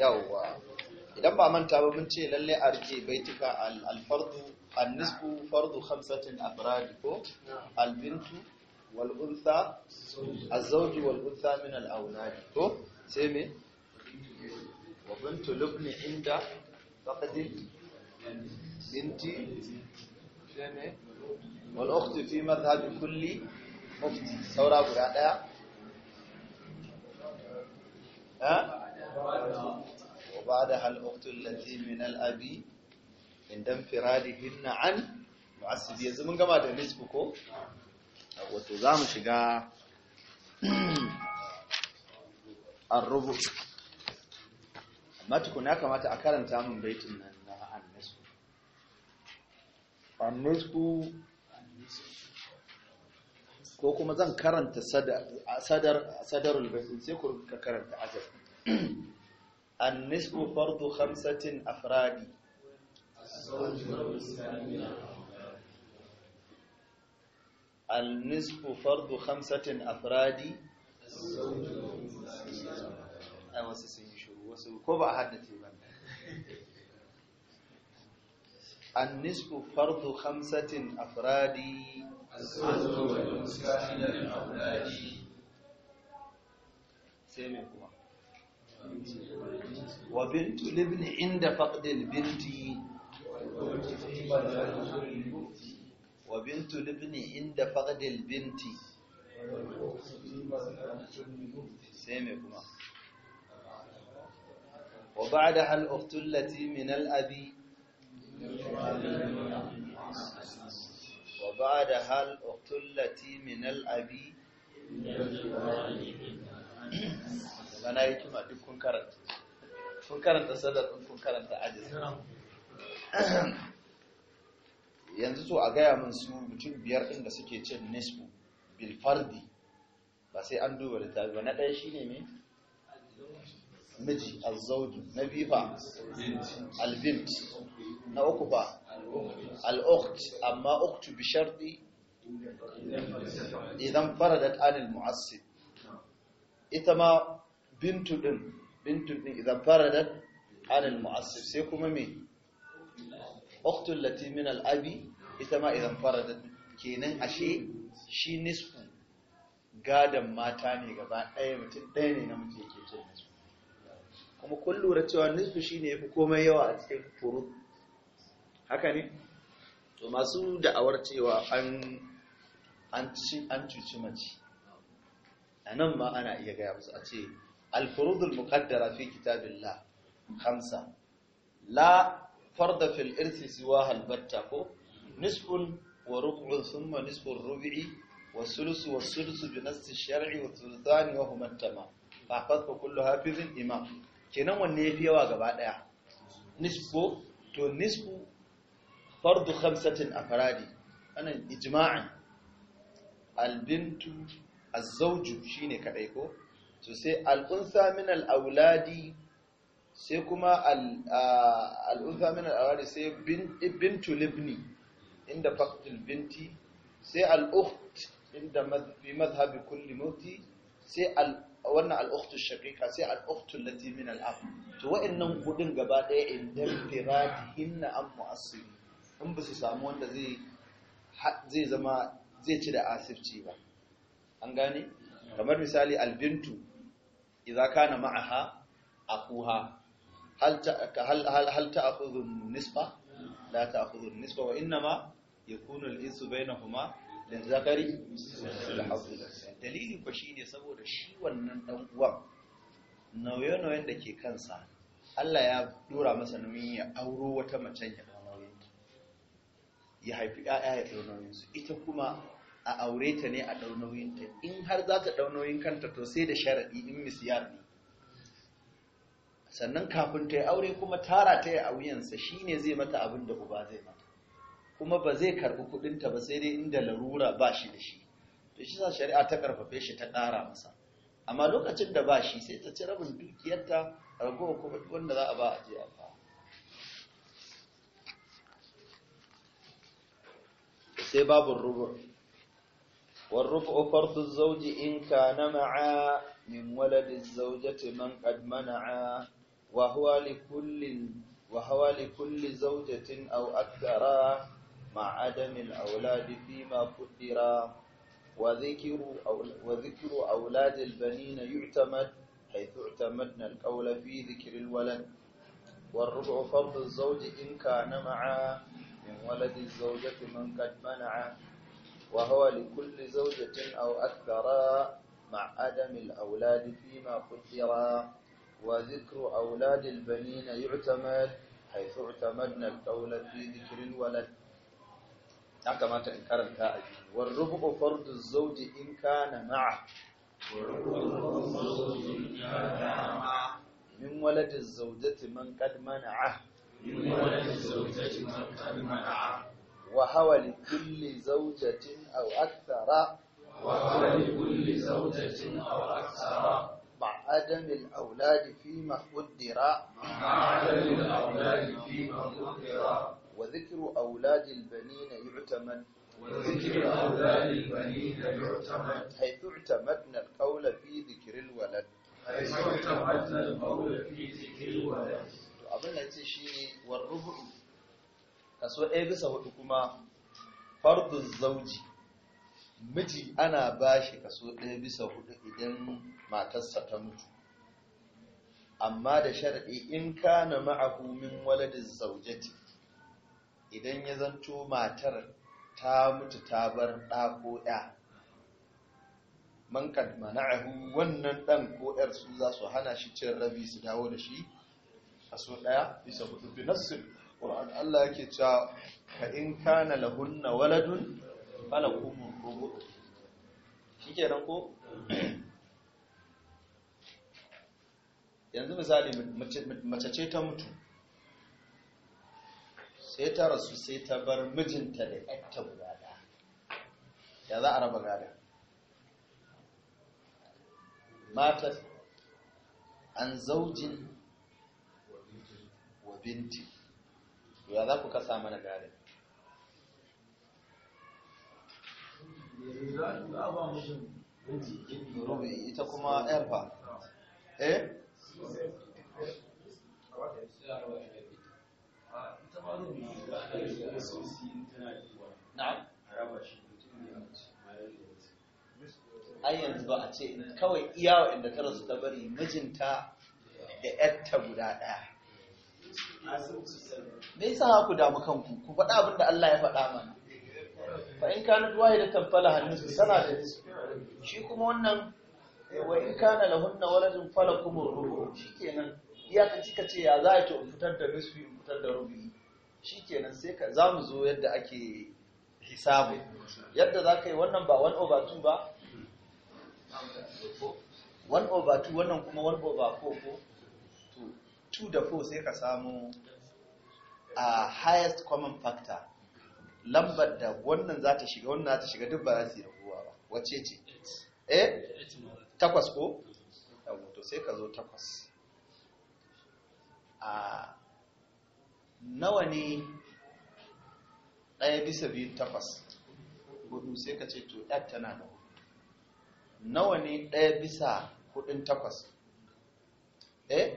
yawwa idan ba manta ba mun ce lalle a rike baituka al-fardu an-nisbu fardu khamsatin afrad ko albintu, bintu wal untha az wal untha min al-awnad ko sai me wa bintu lubni inda faqadin binti sai me wal ukhtu fi madhhab kulli mufti saura guda daya eh وبعدها الأخت التي من الأبي عند انفرادهن عن mu'assibi يزم mun gama da nisbu ko wato za mu shiga ما amma tukun ya kamata a karanta min baitin nan ko kuma zan karanta sadar sadarul baitin sai ku karanta azab النصف فرض خمسة أفراد النصف فرض خمسة أفراد أنا سأسيشو وسو كوبا حدثي بنا النصف فرض خمسة أفراد الزوج والمسكين الأولاد سيمي وبنت الابن عند فقد البنت وبنت الابن عند فقد البنت وبعدها الأخت التي من الأبي وبعدها الأخت التي من الأبي yi hikima duk kun karanta kun karanta sadar ɗin kun karanta ajiz yanzu to a gaya min su mutum biyar ɗin da suke cin nisbu bilfardi ba sai an duba littafi ba na ɗaya shi ne ne miji azzauju na biyu ba na uku ba al'ukt amma uktu bi shardi idan faradat anil mu'assib ita ma bintu din bintu din idan da anil mu'assif sai kuma me ukhtu min al abi ita ma idan fara da kenan ashe shi nisfu gadan mata ne gaba ɗaya mutum ɗaya ne namiji ke, ce kuma kun lura cewa nisfu shine yafi komai yawa a cikin furu haka ne to masu da'awar cewa an an cuci mace a nan ma ana iya gaya musu a ce الفروض المقدرة في كتاب الله خمسة لا فرض في الإرث سواها البتة نصف وربع ثم نصف الربع والثلث والثلث بنص الشرع والثلثان وهما التمام فاحفظ كل حافظ إمام kenan wanne ya fi yawa gaba ɗaya nisbo to nisbu fardu khamsatin a faradi wannan ijma'in albintu azzauju shine kadai ko to sai al'unsa min al'auladi sai kuma al'unsa min al'auladi sai bintu libni inda faktul binti sai al'uht inda bi mazhabi kulli muti sai wannan al'ukhtu shaqiqa sai al'ukhtu lati min al'ab to wa'annan gudun gaba daya in biradi, hinna am mu'assiri in ba su samu wanda zai zai zama zai ci da asirci ba an gane kamar misali albintu idza kana ma'aha akuha hal ta hal hal ta'khudhu nisfa la ta'khudhu nisfa wa inma yakunu al-insu bainahuma lizakari dalili ko shine saboda shi wannan dan uwan nauye-nauyen da ke kansa Allah ya dora masa nauyin ya auro wata macen ya nauyin ya haifi 'ya'ya ya nauyin su. ita kuma a aure ta ne a nauyin ta. har za ta ɗau kanta to sai da sharaɗi in misiyar ne sannan kafin ta yi aure kuma tara ta yi a wuyansa shi ne zai mata abin da uba zai mata kuma ba zai karɓi kuɗinta ba sai dai inda larura ba shi da shi to shi sa shari'a ta karfafe shi ta ƙara masa amma lokacin da ba shi sai ta ci rabin dukiyarta ragowa kuma wanda za a ba a je a ba sai babu rubur والربع فرض الزوج إن كان معا من ولد الزوجة من قد منعا وهو لكل وهو لكل زوجة أو أكثر مع عدم الأولاد فيما قدرا وذكر وذكر أولاد البنين يعتمد حيث اعتمدنا القول في ذكر الولد والربع فرض الزوج إن كان معا من ولد الزوجة من قد منعا وهو لكل زوجة أو أكثر مع عدم الأولاد فيما قدر وذكر أولاد البنين يعتمد حيث اعتمدنا القول في ذكر الولد كما تنكر الكائد والربع فرض الزوج إن كان معه من ولد الزوجة من قد منعه من ولد الزوجة من قد منعه وهو لكل زوجة أو أكثر وهو لكل زوجة أو أكثر مع عدم الأولاد فيما قدر مع عدم الأولاد فيما قدر وذكر أولاد البنين يعتمد وذكر أولاد البنين يعتمد حيث اعتمدنا القول في ذكر الولد حيث اعتمدنا القول في ذكر الولد أظن أنت والربع kaso ɗaya bisa hudu kuma fardun zauji miji ana bashi kaso ɗaya bisa hudu idan matarsa ta mutu amma da sharaɗi in kana ma'ahu min waladin zaujati idan ya zanto matar ta mutu ta bar ɗa ko ɗa man kad mana'ahu wannan ɗan ko ‘yar su za su hana shi cin rabi su dawo da shi kaso ɗaya bisa hudu bi nassin Qur'an Allah yake cewa ka in kana lahunna waladun falakum rubu ke ko yanzu misali mace ce ta mutu sai ta rasu sai ta bar mijinta da ƴatta guda ya za a raba gada matar an zaujin wa binti to ya za ku kasa mana gari ita kuma eh yanzu ba a ce kawai iyawa inda ta rasu ta bari mijinta da yarta guda ɗaya me yasa ku damu kanku ku faɗa abin da Allah ya faɗa mana fa in kana duwaye da tamfala hannunsu sana da shi kuma wannan eh, wa in kana lahunna waladun falakum rubu shikenan iyaka cika ce ya za ta fitar da nisfi fitar da rubi shikenan sai ka za mu zo yadda ake hisabu yadda za ka yi wannan ba 1 over 2 ba 1 over 2 wannan kuma 1 over 4 ko 2 da 4 sai ka samu a highest common factor lambar da wannan za ta shiga wannan za ta shiga duk ba za su yi raguwa ba wacce ce eh takwas ko to sai ka zo takwas a nawa ne ɗaya bisa biyun takwas hudu sai ka ce to ɗan tana da nawa ne ɗaya bisa hudun takwas eh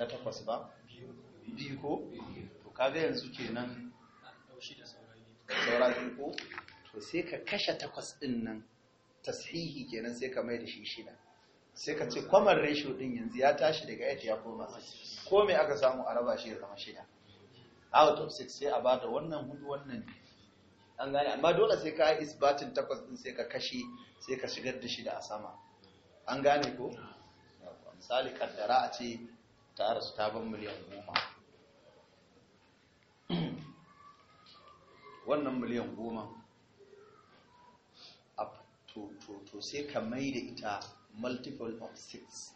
ta takwas ba biyu ko to kaga yanzu kenan saurari ko to sai ka kashe takwas din nan tashihi kenan sai ka mai da shi shida sai ka ce kwamar ratio din yanzu ya tashi daga yadda ya koma ko me aka samu a raba shi ya zama shida out of six sai a bada wannan hudu wannan an gane amma dole sai ka isbatin takwas din sai ka kashe sai ka shigar da shida a sama an gane ko misali kaddara a ce ta rasu miliyan goma wannan miliyan goma a to sai ka mai da ita multiple of six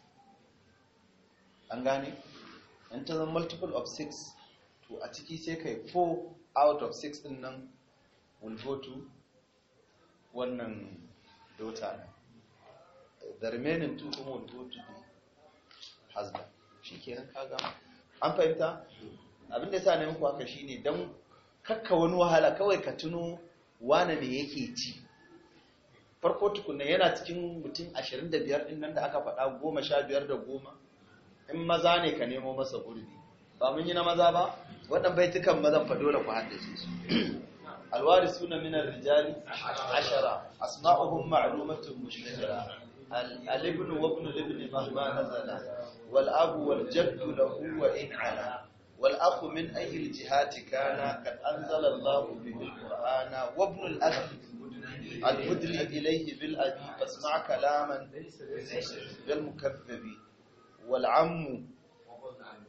an gane? in ta zama multiple of six to a ciki sai ka yi four out of six din nan will go to wannan daughter the remaining two kuma will go to the husband shikenan an fahimta abin da sa na muku haka shine dan kakka wani wahala kawai ka tuno wane ne yake ci farko tukunna yana cikin mutum 25 din nan da aka faɗa 15 da 10 in maza ne ka nemo masa gurbi ba mun yi na maza ba waɗan baitukan mazan fa dole ku haddace su alwari suna minar rijali ashara asma'uhum ma'lumatun mushtajara الابن وابن الابن مهما نزل والأب والجد له وإن علا والأخ من أي الجهات كان قد أنزل الله به القرآن وابن الأخ المدلي إليه بالأبي فاسمع كلاما للمكذب والعم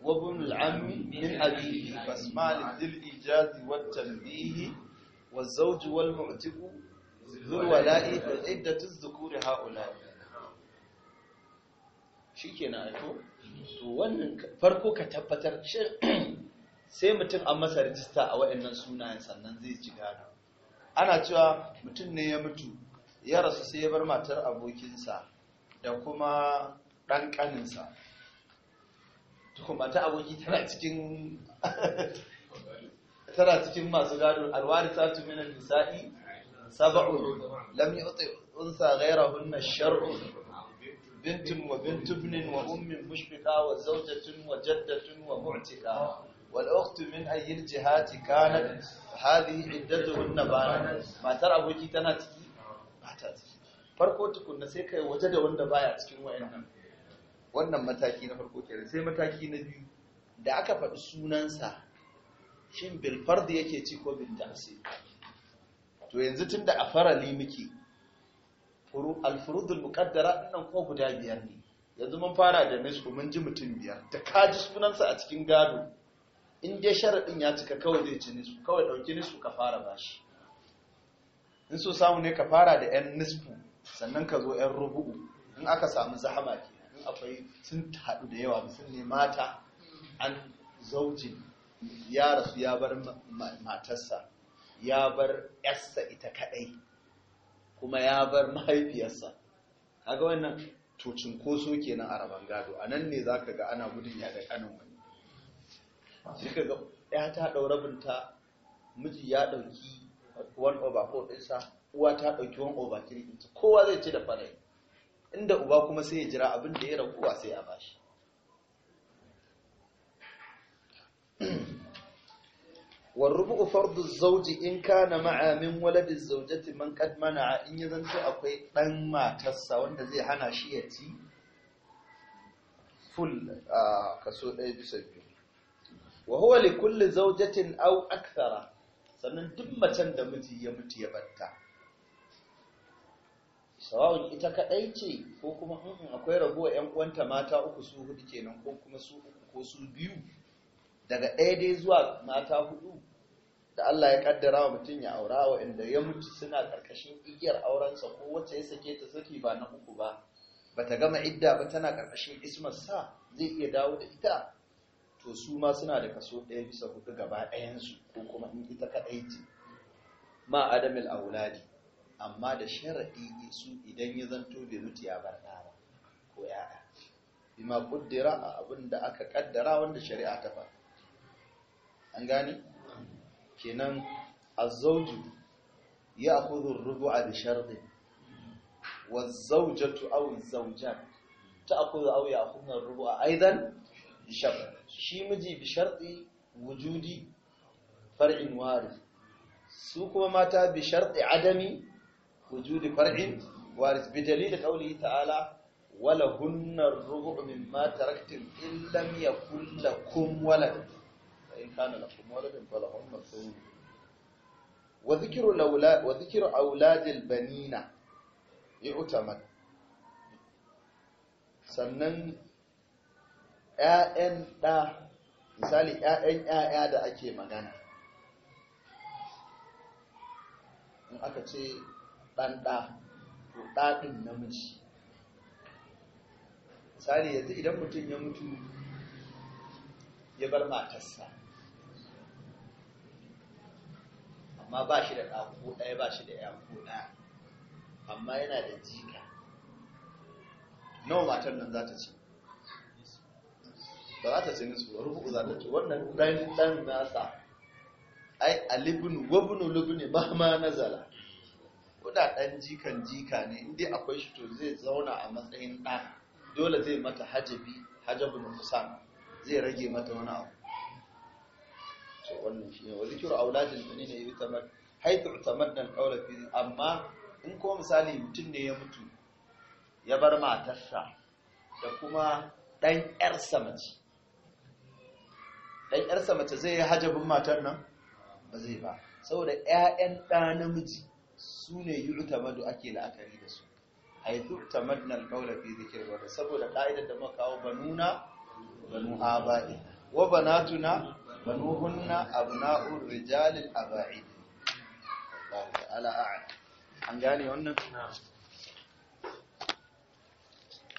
وابن العم من أبيه فاسمع ذي الإيجاز والتنبيه والزوج والمعتق ذو الولاء عدة الذكور هؤلاء shikenan aiko to wannan farko ka tabbatar sai mutum an masa rijista a waɗannan sunayen sannan zai ci gado ana cewa mutum ne ya mutu ya rasu sai ya bar matar abokinsa da kuma ɗan ƙaninsa mata aboki tana cikin tana cikin masu gado alwarisa tu minan nisa'i sab'un lam yuti unsa ghayrahunna shar'un بنت وبنت ابن وام مشفقة وزوجة وجدة ومعتقة والاخت من اي الجهات كانت هذه عدتهن بان ما ترى ابوكي تنا تيكي ما farko tukunna sai kai waje da wanda baya cikin wayannan wannan mataki na farko kenan sai mataki na biyu da aka faɗi sunansa shin bil yake ci ko bil to yanzu tunda a farali muke alfurudul muqaddara nan ko guda biyar ne yanzu mun fara da nisfu mun ji mutum biyar da ka ji sunansa a cikin gado in dai ɗin ya cika kawai zai ci nisfu kawai ɗauki nisfu ka fara bashi in so samu ne ka fara da yan nisfu sannan ka zo yan rubu'u in aka samu zahama ke in akwai sun haɗu da yawa sun ne mata an zaujin ya rasu ya bar matarsa ya bar yarsa ita kaɗai kuma ya bar mahaifiyarsa kaga wannan to cinkoso kenan a rabon gado a nan ne zaka ga ana gudun ya da kanin wani sai ka ga ya ta ɗaura binta miji ya ɗauki one over 4 ɗinsa uwa ta ɗauki one over 3 kowa zai ci da fara inda uba kuma sai ya jira abin da ya raguwa sai a bashi warrubu fardu zauji in kana ma'amin min waladin zaujati man kad mana in ya zanto akwai dan matarsa wanda zai hana shi ya ci full a ɗaya bisa biyu wa kulli zaujatin aw akthara sannan duk macen da miji ya mutu ya batta sawa'un ita kadai ce ko kuma akwai raguwa yan uwanta mata uku su hudu kenan ko kuma su uku ko su biyu daga ɗaya dai zuwa mata hudu da Allah ya kaddara wa mutum ya aura wa inda ya mutu suna ƙarƙashin igiyar aurensa ko wacce ya sake ta saki ba na uku ba Ba ta gama idda ba tana ƙarƙashin ismar sa zai iya dawo da ita to su ma suna da kaso ɗaya bisa hudu gaba ɗayansu ko kuma in ita kaɗai ce ma adamil auladi amma da sharaɗi su idan ya zanto bai mutu ya bar ɗara ko ya'a bima kuddira a abin da aka ƙaddara wanda shari'a ta faɗa an gani kenan azzauju ya akudun rubu a bisharbe wa zauja tu'awu zauja ta'akudu au ya akudun rubu a aizan bisharbe shi miji bisharbe wujudi far'in wari su kuma mata bisharbe adami wujudi far'in wari bi dalilin kauli ta'ala wala hunnar rubu min mata raktin illam ya kulla kun walar kana lakum waladun falahum masud wa dhikru lawla wa dhikru auladil banina yu'tamad sannan ƴaƴan ɗa misali ƴaƴan ƴaƴa da ake magana in aka ce ɗan ɗa to ɗa ɗin namiji misali yanzu idan mutum ya mutu ya bar matarsa amma ba shi da ɗako ɗaya ba shi da yako ɗaya amma yana da jika nawa matan nan za ta ci ba za ta ci nisu ba rufu za ta ci wannan ɗan ɗan nasa ai alibin Lubini, lubni na nazala kuna ɗan jikan jika ne in dai akwai shi to zai zauna a matsayin ɗa dole zai mata hajabi na kusan zai rage mata wani abu so wannan shine wa ne ne mu'minina yutamad haythu utamadna al-qawla fi amma in ko misali mutum ne ya mutu ya bar matarsa da kuma dan ƴarsa mace dan ƴarsa mace zai yi hajabin matar nan ba zai ba saboda ƴaƴan ɗa namiji su ne yu'tamadu ake la'akari da su haythu utamadna al-qawla fi dhikri wa saboda ka'idar da muka kawo banuna banu aba'i wa banatuna banuhunna abna'ur rijalil aba'i Allah gane wannan